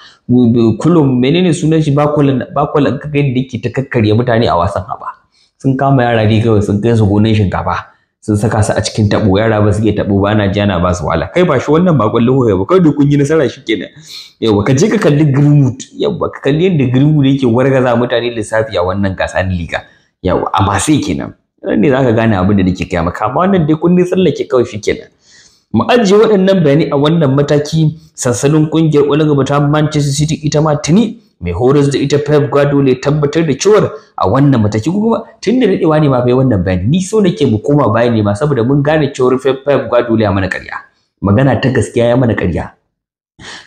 kullum menene sunan shi Bakula Bakula kaga yadda yake ta kakkarya mutane a wasan haba sun kama yara ne kawai sun kai su gonan shinkafa sun saka su a cikin tabo yara ba su iya tabo ba ana jana ba su wahala kai ba shi wannan ba kwallo hoya ba kawai kun yi nasara shi kenan yawa ka je ka kalli greenwood yawa ka kalli yadda greenwood yake wargaza mutane lissafi a wannan gasa liga yawa amma sai kenan nan ne zaka gane abin da nake kai maka amma wannan dai kun sallake kawai shi kenan mu ajiye waɗannan bayanai a wannan mataki sansanin ƙungiyar ƙwallon gaba Manchester City ita ma tuni mai horas da ita Pep Guardiola tabbatar da cewar a wannan mataki kuma tun da dadewa ne ma bai wannan bayani ni so nake mu koma baya ne ma saboda mun gane cewar Pep Guardiola ya mana ƙarya magana ta gaskiya ya mana ƙarya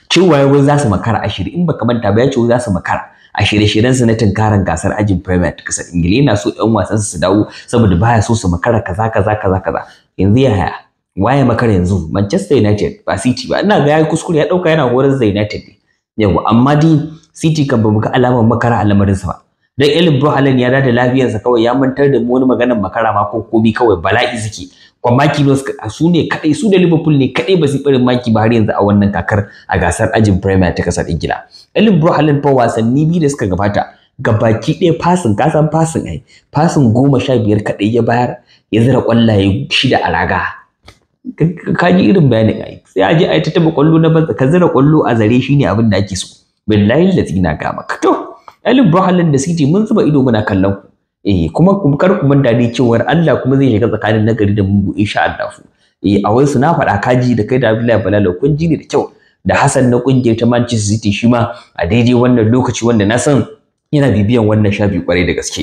cewa wai za su makara shirye in baka manta ba ya ce za su makara a shirye-shiryen su na tunkaran gasar ajin Premier League kasar Ingila yana so ƴan wasan su dawo saboda baya so su makara kaza kaza kaza kaza yanzu ya haya waye makara yanzu Manchester United ba City ba ina ga yayi kuskure ya dauka yana horar da United ne yawa amma dai City kan ba muka alamar makara a lamarinsa ba. Dan Elin Brohalen ya da lafiyarsa kawai ya mantar da mu wani maganar makara ma ko komi kawai bala'i suke. Kwamaki su ne kadai su da Liverpool ne kadai ba su barin maki ba har yanzu a wannan kakar a gasar ajin Premier ta kasar Ingila. Elin Brohalen fa wasanni biyu da suka gabata gabaki ɗaya fasin kasan fasin ai fasin goma sha biyar kaɗai ya bayar ya zira ƙwallaye shida a raga ka ji irin bayanin ai sai a je a yi ta taba kwallo na banza ka zira ƙwallo a zare shine abin da ake so billahi lazina ga maka to alin brohalin da siti mun zuba ido muna kallon ku eh kuma kar ku manta dai cewar Allah kuma zai shiga tsakanin nagari da mugu insha Allah eh a wai su na faɗa kaji da kai da Abdullahi Balalo kun ji ne da kyau da Hassan na kungiyar ta Manchester City shi ma a daidai wannan lokaci wanda na san yana bibiyan wannan shafi kwarai da gaske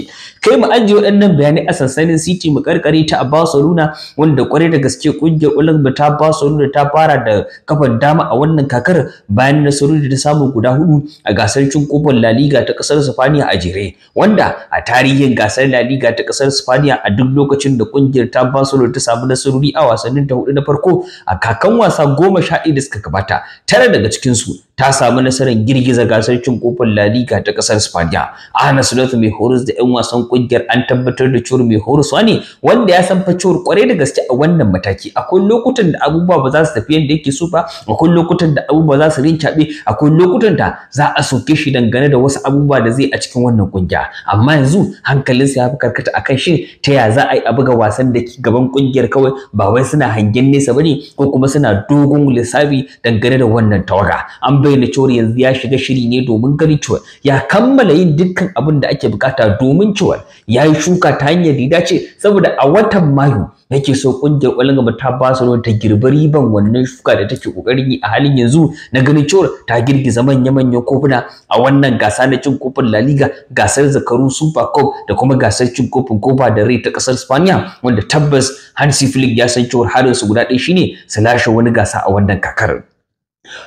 kai mu ajiye waɗannan bayanai a sansanin city mu karkare ta a Barcelona wanda kwarai da gaske kungiyar Olympic ta Barcelona ta fara da kafan dama a wannan kakar bayan nasarori da ta samu guda hudu a gasar cin kofin La Liga ta kasar Spain a jere wanda a tarihin gasar La Liga ta kasar Spain a duk lokacin da kungiyar ta Barcelona ta samu nasarori a wasannin ta hudu na farko a kakan wasa goma sha da suka gabata tare daga cikin su ta samu nasarar girgiza gasar cin kofin La Liga ta kasar Spain Abda Ahmed Sulatu mai horus da ƴan wasan kungiyar an tabbatar da cewar mai horuswa ne wanda ya san facewar kwarai da gaske a wannan mataki akwai lokutan da abubuwa ba za su tafi yadda yake so ba akwai lokutan da abubuwa za su rincaɓe akwai lokutan da za a soke shi dangane da wasu abubuwa da zai a cikin wannan kungiya amma yanzu hankalin hankalinsa ya fi karkata akan shi ta ya za a yi a buga wasan da ke gaban kungiyar kawai ba wai suna hangen nesa bane ko kuma suna dogon lissafi dangane da wannan tawaga an bayyana cewar yanzu ya shiga shiri ne domin ganin cewa ya kammala yi yin dukkan abin da ake bukata domin cewa ya yi shuka ta hanyar da ce saboda a watan mayu yake so kungiyar ƙwallon gaba ta su ta girbi riban wannan shuka da take kokarin yi a halin yanzu na ganin cewar ta girgiza manya-manyan kofuna a wannan gasa na cin kofin La Liga gasar zakaru Super Cup da kuma gasar cin kofin Copa del Rey ta kasar Spaniya wanda tabbas Hansi Flick ya san cewar harin su guda ɗaya shine su lashe wani gasa a wannan kakar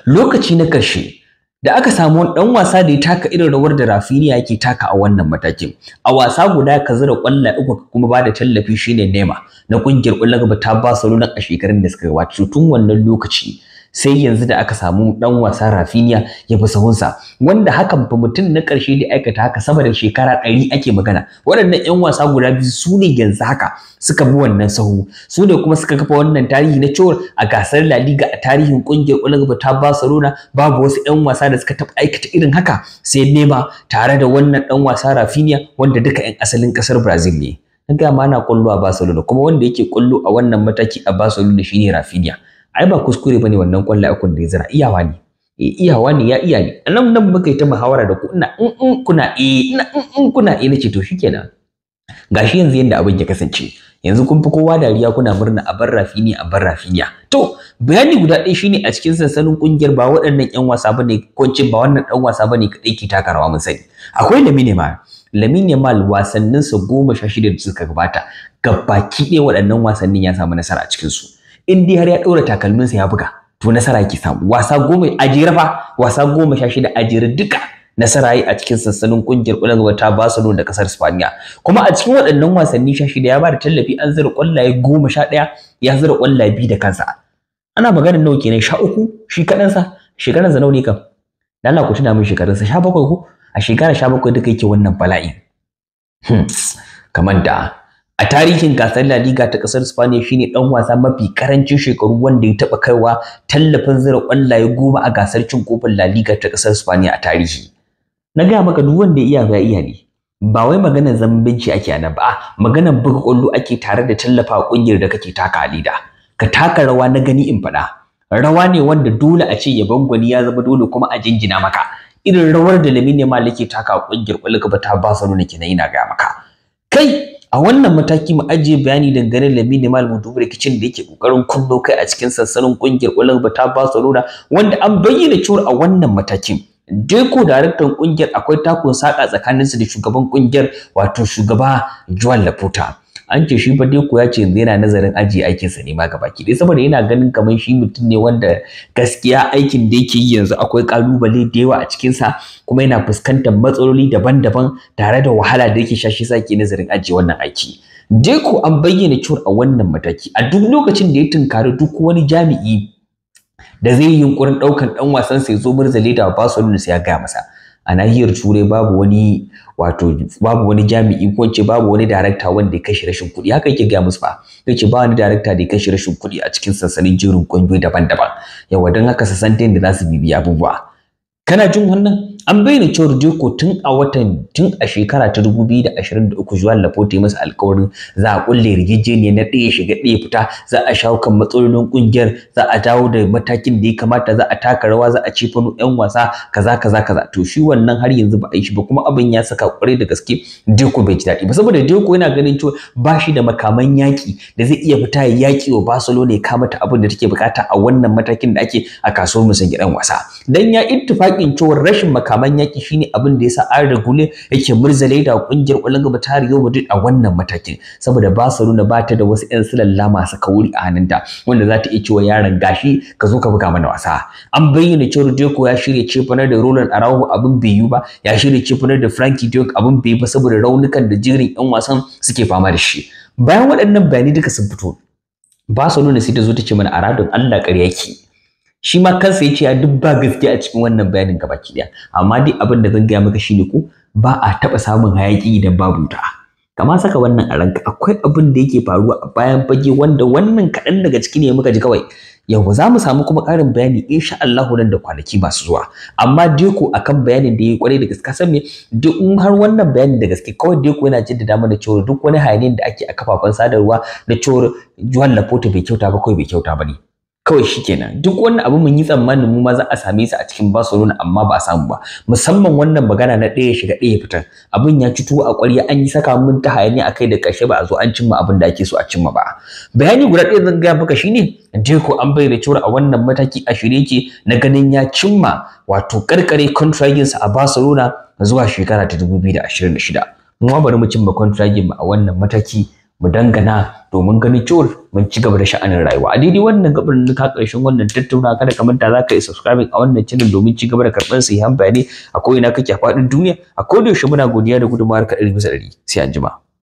lokaci na ƙarshe da aka samu wani dan wasa da ya taka irin rawar da Rafinha yake taka a wannan matakin a wasa guda ka zura kwalla uku kuma bada tallafi shine Neymar na kungiyar ƙwallon gaba ta Barcelona a shekarun da suka gabata tun wannan lokaci sai yanzu da aka samu dan wasa Rafinha ya fi sahunsa wanda hakan fa mutum na karshe da aikata haka sama da shekara ɗari ake magana waɗannan 'yan wasa guda biyu su ne yanzu haka suka bi wannan sahu su ne kuma suka kafa wannan tarihi na cewa a gasar La Liga a tarihin ƙungiyar Ulagba ta Barcelona babu wasu 'yan wasa da suka taɓa aikata irin haka sai Neymar tare da wannan ɗan wasa Rafinha wanda duka 'yan asalin ƙasar Brazil ne. Na gama ana ƙwallo a Barcelona kuma wanda yake ƙwallo a wannan mataki a Barcelona shine Rafinha. ai ba kuskure bane wannan kwallaye ukun da ya zira iyawa ne eh, iyawa ne ya iya ne nan nan muka yi ta muhawara da ku ina in mm, in mm, kuna eh ina in mm, in kuna eh nace to shikenan gashi yanzu yanda abin ya kasance yanzu kun fi kowa dariya kuna murna a bar rafini a bar rafiniya to bayani guda ɗaya shine a cikin sansanin kungiyar ba waɗannan ƴan wasa bane ko ba wannan ɗan wasa bane kaɗai ke takarawa rawa mun sani akwai lamine ma lamine mal wasanninsa goma sha shida da suka gabata gabaki ɗaya waɗannan wasannin ya samu nasara a cikinsu in dai har ya ɗora takalminsa ya buga to nasara yake samu wasa goma a jere fa wasa goma sha shida a jere duka nasara yi a cikin sassanin kungiyar ƙwallon gaba ta Barcelona da kasar Spaniya kuma a cikin waɗannan wasanni sha shida ya ba da tallafi an zira ƙwallaye goma sha ɗaya ya zira ƙwallaye biyu da kansa ana maganar nawa kenan sha uku shi kaɗansa sa nawa ne kam da Allah ku tuna min sa sha bakwai ko a shekara sha bakwai duka yake wannan bala'i hmm. kamar da a tarihin gasar La Liga ta ƙasar Spaniya shine dan wasa mafi karancin shekaru wanda ya taɓa kaiwa tallafin zira kwallaye goma a gasar cin kofin La Liga ta ƙasar Spaniya a tarihi na gaya maka duk wanda iya ga iya ne ba wai maganar zambinci ake nan ba maganar buga ƙwallo ake tare da tallafa ƙungiyar da kake taka lida ka taka rawa na gani in faɗa. rawa ne wanda dole a ce yabon gwani ya zama dole kuma a jinjina maka irin rawar da Lamine Yamal yake taka a kungiyar kwallo ka ba ta Barcelona kenan ina gaya maka kai a wannan mataki mu ajiye bayani dangane da minimal mutum rikicin da yake kokarin kunno kai a cikin sansanin kungiyar ba ta barcelona wanda an bayyana cewa a wannan matakin ko daraktan kungiyar akwai takun saka tsakaninsu da shugaban kungiyar wato shugaba Joel Laputa. an ce shi ko ya ce yanzu yana nazarin ajiye sa ne ma gabaki dai saboda yana ganin kamar shi mutum ne wanda gaskiya aikin da yake yi yanzu akwai kalubale da yawa a cikin sa kuma yana fuskantar matsaloli daban-daban tare da wahala da yake sha shi sa ke nazarin ajiye wannan aiki. Deko an bayyana cewa a wannan mataki a duk lokacin da ya tunkari duk wani jami'i da zai yi yunkurin ɗaukan ɗan wasan sai zo murzale da nuna sai ya gaya masa. a nahiyar turai babu wani wato babu wani jami'i ko ce babu wani darakta wanda ya kashe rashin kuɗi haka yake ga musu ba, yake ba wani darakta da ya kashe rashin kuɗi a cikin sansanin jerin ƙungiyoyi daban-daban yawa don haka sassan da za su bibiya abubuwa kana jin wannan an bayyana cewar Deko tun a watan tun a shekara ta 2023 Joan Laporte ya masa alƙawarin za a kulle rigijeniya na ɗaya shiga ɗaya fita za a shawo kan matsalolin ƙungiyar za a dawo da matakin da ya kamata za a taka rawa za a cefano 'yan wasa kaza kaza kaza to shi wannan har yanzu ba a yi shi ba kuma abin ya saka ƙwarai da gaske Deko bai ji daɗi ba saboda Deko yana ganin cewa ba shi da makaman yaƙi da zai iya fita ya yaƙi wa Barcelona ya kama ta abin da take bukata a wannan matakin da ake a kasuwar musan gidan wasa dan ya ittifaƙin cewa rashin makaman abin yaki shine abin da yasa an ragule yake murzale da kungiyar kwallon gaba ta riyo Madrid a wannan matakin saboda ba nuna ba ta da wasu 'yan silalla masu kauri a hannunta wanda za ta iya cewa yaron gashi ka zo ka buga mana wasa an bayyana cewa Rodrigo ya shirya cefanar da Roland Araujo abin bai yi ba ya shirya cefanar da Frankie Diouk abin bai yi ba saboda raunukan da jirin 'yan wasan suke fama da shi bayan waɗannan bayanai duka sun fito nuna sai ta zo ta ce mana a radon Allah ƙarya yake shi ma kansa ya ce a duk ba gaskiya a cikin wannan bayanin gaba ki daya amma dai abin da zan gaya maka shine ko ba a taɓa samun hayaki idan babu ta kama saka wannan a ranka akwai abin da yake faruwa a bayan fage wanda wannan kaɗan daga ciki ne muka ji kawai yau za mu samu kuma ƙarin bayani sha Allahu nan da kwanaki masu zuwa amma Deko akan bayanin da yayi kwarai da gaske san me duk in har wannan bayanin da gaske kawai Deko yana jin da dama mana cewa duk wani hayanin da ake a kafafen sadarwa da cewa Juan Laporte bai kyauta ba kai bai kyauta ba ne kawai shi nan, duk wannan abu mun yi tsammanin mu ma za a same su a cikin Barcelona amma ba a samu ba musamman wannan magana na ɗaya shiga ɗaya fitar abin ya ci tuwo a ƙwarya an yi saka mun ta a kai da ƙarshe ba a zo an cimma abin da ake so a cimma ba bayani guda ɗaya zan gaya maka shine Deko an bayyana cewa a wannan mataki a shirye yake na ganin ya cimma wato karkare sa a Barcelona zuwa shekara ta 2026 mu ma bari mu cimma contract mu a wannan mataki mu dangana domin ganin cewar mun ci gaba da sha'anin rayuwa a daidai wannan gabar ka karshen wannan tattauna kada ka manta za ka yi subscribing a wannan channel domin ci gaba da karɓar sahihan bayanai a ina kake a faɗin duniya a ko yaushe muna godiya da gudunmawar ka ɗari bisa ɗari sai anjima.